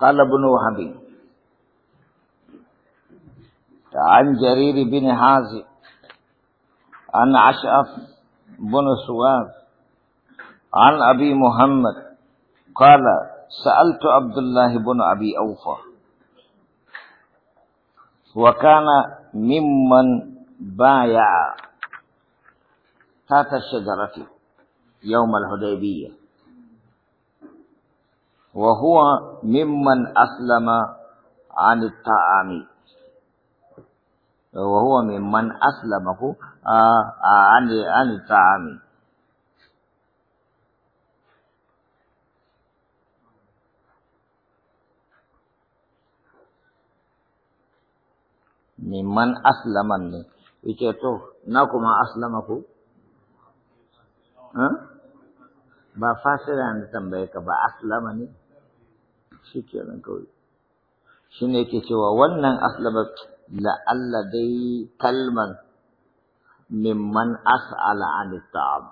قال ابن وهب عن جرير بن حازم عن عشاف بن سواد عن أبي محمد قال سألت عبد الله بن أبي أوفى وكان ممن بايع تحت الشجرة يوم الحديبيه وهو ممن أسلم عن الطعام وهو ممن أسلمه عن عن الطعام mimman aslaman ne yake to na ku ba fasira na tambaye ka ba aslama ne shi ke nan kawai shi ne yake cewa wannan aslama la'alla dai kalman mimman as'ala an ta'am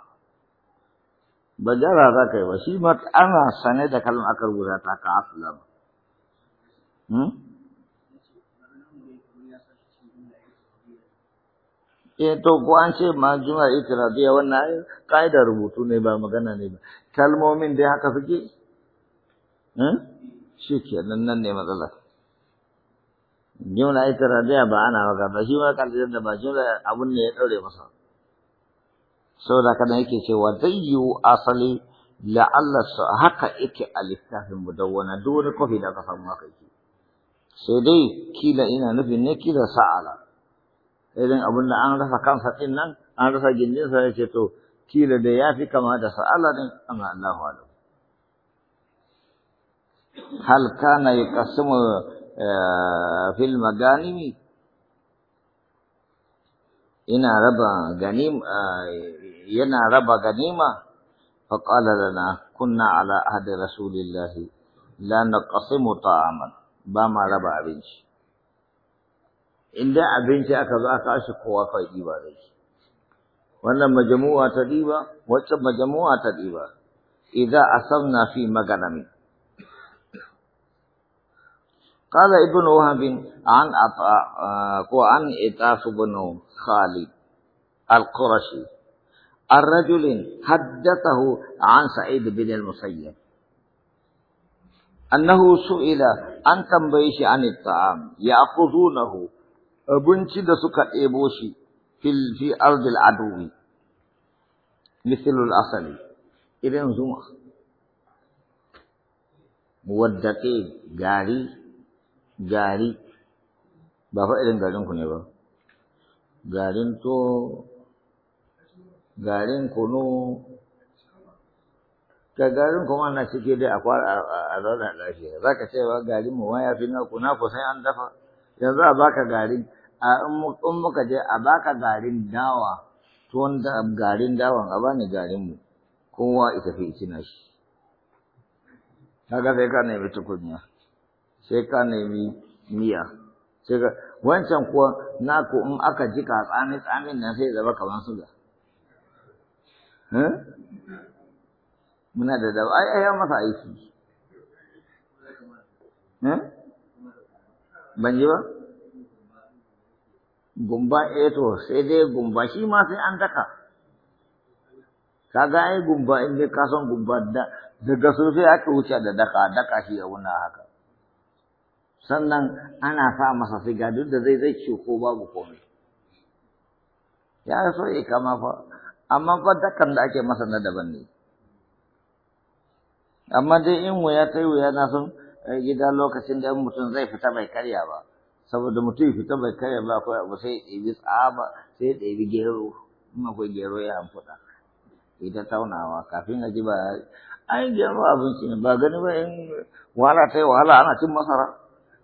ba jara za ka yi ba shi ma ana sane da kalmar aka rubuta ta ka aslama hmm? eh to ko an ce ma juma itiradiya wannan ka'idar rubutu ne ba magana ne ba kalmomin dai haka suke eh shi ke nan nan ne matsalar Juna ita radiya ba ana maka ba shi da da ba abun ne ya ɗaure masa da kana yake cewa zai yiwu asali Allah su haka yake a littafin mu duk wani kofi da aka samu haka yake sai dai kila ina nufin ne kila sa'ala irin abin da an rasa kansa ɗin nan an rasa gindinsa ya ce to kila da ya fi kama da sa'ala ɗin amma Allahu alam هل كان يقسم آه، في المغانم إن ربا غنيم ينا آه، ربا غنيمة فقال لنا كنا على عهد رسول الله لا نقسم طعاما بما ربا أبنش إن ده أبنش أكذا أكاش قوة فإيبا ريش وأن مجموعة تديبا وأن مجموعة تديبا إذا أصبنا في مغنمين قال ابن وهب عن أطاع آه، آه، وعن إطاف بن خالد القرشي الرجل حدثه عن سعيد بن المسيب أنه سئل أن تنبيش عن الطعام يأخذونه أبنش دسك إبوشي في, في أرض العدو مثل الأصل ابن زمخ مودتي جاري gari ba fa irin garin ku ne ba garin to garin kunu ka garin kuma na cike dai akwai a zauna lafiya za ka ce ba garin mu ya fi naku naku sai an dafa yanzu a baka garin a in muka je a baka garin dawa tuwon da garin dawan a bani garin mu kowa ita fi na shi kaga sai ka nemi tukunya sai ka nemi miya sai ka wancan kuwa naku in aka jika tsami tsamin nan sai zaba kamar suga muna da daba ai ai masa aiki ban ji ba gumba eh to sai dai gumba shi ma sai an daka kaga ai gumba in dai ka san gumba da daga sai aka wuce da daka daka shi ya wuna haka sannan ana sa masa siga duk da zai zai ce ko babu komai ya so ya kama fa amma fa dakan da ake masa na daban ne amma dai in wuya ta yi wuya na san eh, gida lokacin da mutum zai fita bai karya ba saboda mutum ya fita bai karya ba akwai abu sai ya ɗebi tsaba sai ya ɗebi gero in akwai gero ya hamfuɗa ita taunawa kafin a ji ba yi gero abinci ne ba gani ba in wahala ta yi wahala ana cin masara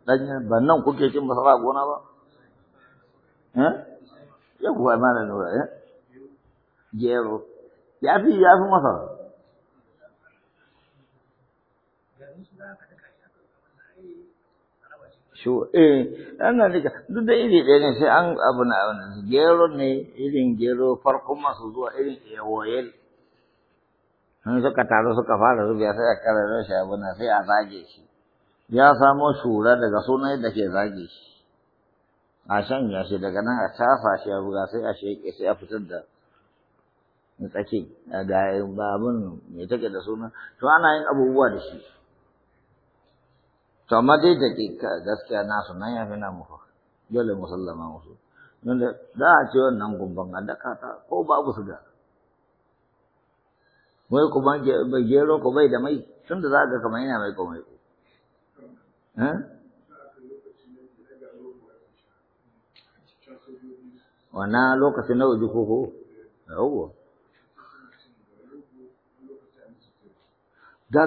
danya ba nan kuke cin masara a gona ba eh yawwa malam nura eh gero ya fi ya fi masara shu eh an ana nika duk da iri ɗaya ne sai an abu na gero ne irin gero farkon masu zuwa irin ewoyel in suka taru suka fara a sai a karara shi abu na sai a zage shi ya samo shura daga sunai da ke zage shi a ya shi daga nan a tafa shi a buga sai a sheke sai a fitar da tsaki gayen babin mai take da suna to ana yin abubuwa da shi to amma dai da gaskiya nasu nan ya fi na muku dole musallama musu don da za a ce wannan gumban a daka ta ko babu su ga wai kuma gero ku bai da mai tun da za ga kamar yana mai komai ko Wana lokacin na uji koko? Yawwa. Ga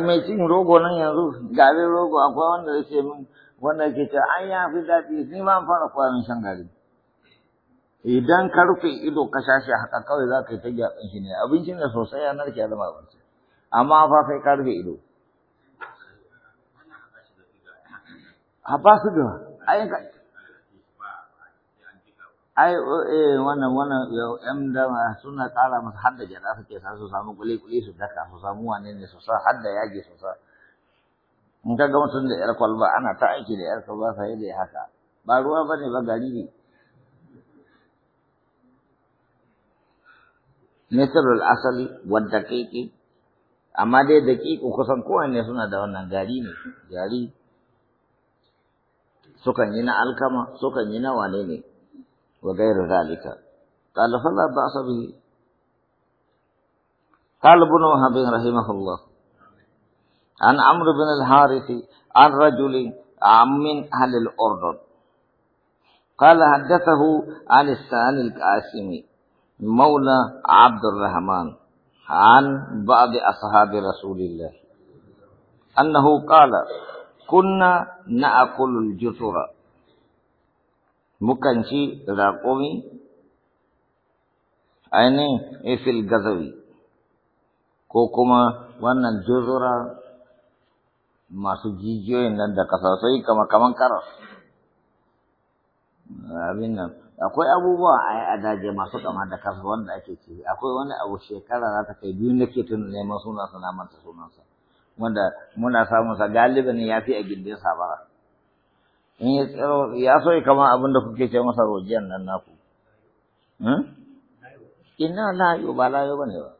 mai cin rogo nan yanzu, garin rogo akwai wanda ya ce min wanda ke ce an ya fi daɗi ni ma fara kwanan shan gari. Idan ka rufe ido ka shashi haka kawai za ka yi ta gyaɓin shi ne abincin da sosai yanar ke zama abinci. Amma fa sai ka rufe ido. Apa sudah? ai kak. Ai eh wannan wannan ya da sunna ta'ala mas hadda jada suke sa su samu kuli kuli su daka su samu wane ne su sa hadda yage su sa in ka ga mutum da yar kwalba ana ta aiki da yar kwalba sai dai haka ba ruwa bane ba gari ne nasarul asali wadda kake amma dai daƙiƙu kusan kowane suna da wannan gari ne gari sukan yi na alkama sukan yi na ذلك قال فلا بأس به قال ابن وهب رحمه الله عن عمرو بن الحارث عن رجل من أهل الأردن قال حدثه عن السان القاسمي مولى عبد الرحمن عن بعض أصحاب رسول الله أنه قال kunna na akulul jusura mukan ci raƙumi ainihin efil gazawi ko kuma wannan juzura masu jijiyoyin nan da kasasai kama kaman karas abin nan akwai abubuwa a yi adaje masu kama da kasa wanda ake ci akwai wani abu shekara za ta kai biyu nake tun neman sunansa, na manta sunansa wanda muna samun sa galibin ya fi a gindin sa ba in ya tsaro ya so ya kama abin da kuke ce masa rojiyan nan naku hmm? ina layo ba layo bane ba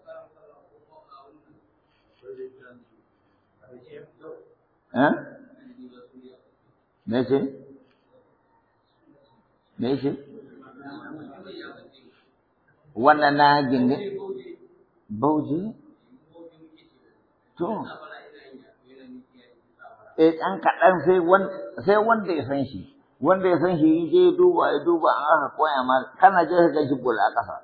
eh me ce me ce wannan na gindin bauji to eh ɗan kaɗan sai wanda ya san shi wanda ya san shi yi je duba ya duba an aka koya ma kana je ka shi gola a ƙasa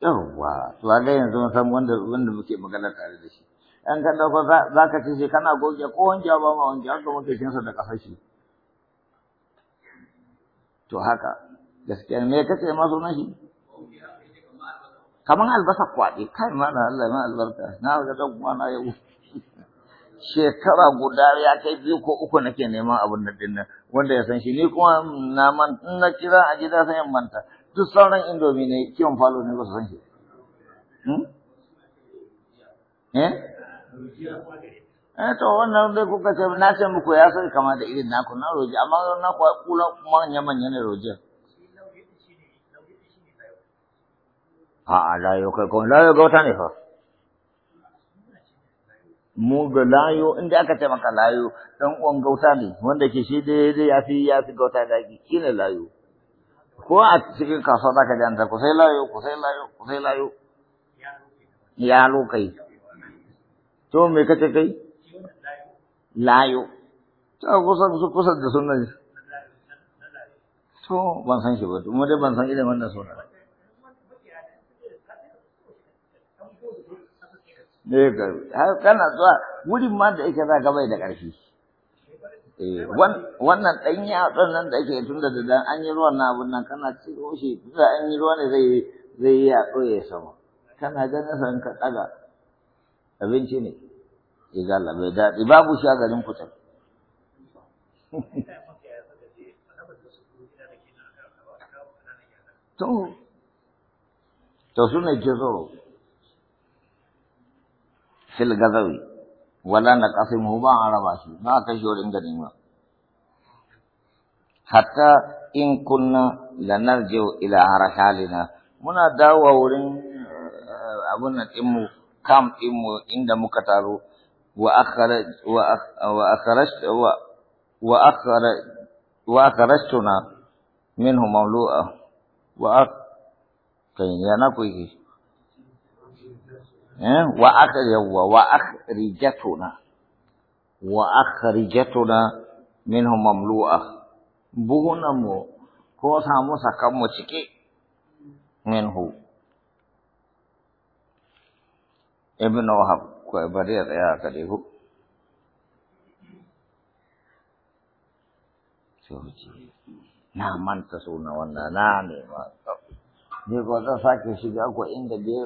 yawwa to ga yanzu mun san wanda wanda muke magana tare da shi an ka dauko za ka ci shi kana goge ko wanke ba ma wanke haka muke cin sa da ƙasar shi to haka gaskiya me kace ma sunan shi kaman albasa kwaɗe kai ma Allah na albarka na ga dan kuma na yau shekara guda ya kai biyu ko uku nake neman abin da dinnan wanda ya san shi ni kuma na man na kira a gida sai in manta duk sauran indomi ne kiwon falo ne ba su san shi hmm? eh eh to wannan dai kuka ce na ce muku ya san kama da irin naku na roji amma na kuwa kula manya manya ne a'a layo kai kuma layo gauta ne fa mu ga layo inda aka ce maka layo dan uwan gauta ne wanda ke shi dai dai ya fi ya fi gauta ki kina layo ko a cikin kasuwa za ka janta ku sai layo ku sai layo ku sai layo ya lokai to me ce kai layo to kusa kusa da sunan to ban san shi ba mu dai ban san irin wannan sunan ne ga har kana zuwa wurin ma da yake za ka bai da ƙarfi eh, wannan ɗan yatsan nan da ake tun da dan an yi ruwan na abun nan kana ciro shi da an yi ruwa ne zai zai yi yatsu ya sama kana ganin san ka ɗaga abinci ne igala bai daɗi babu shi a garin kutar to to su ne ke tsoro في الغضب ولا نقسمه ما على باشي ما كشور إن دنيما حتى إن كنا لنرجع إلى رحالنا منا داوا ورين أبونا إمو كام إمو عند مكتارو وأخر وأخرش وأخر وأخرشتنا منه مولوءة وأخ كان ينا كويكي Eh? wa aka yawwa wa akhrijatuna wa akhrijatuna minhum mamlu'a buhunamu ko samu sakanmu cike minhu ibn wahab ko bari ya tsaya ka dai ku na manta suna wannan na ne ma ne ko zan sake shiga ko inda da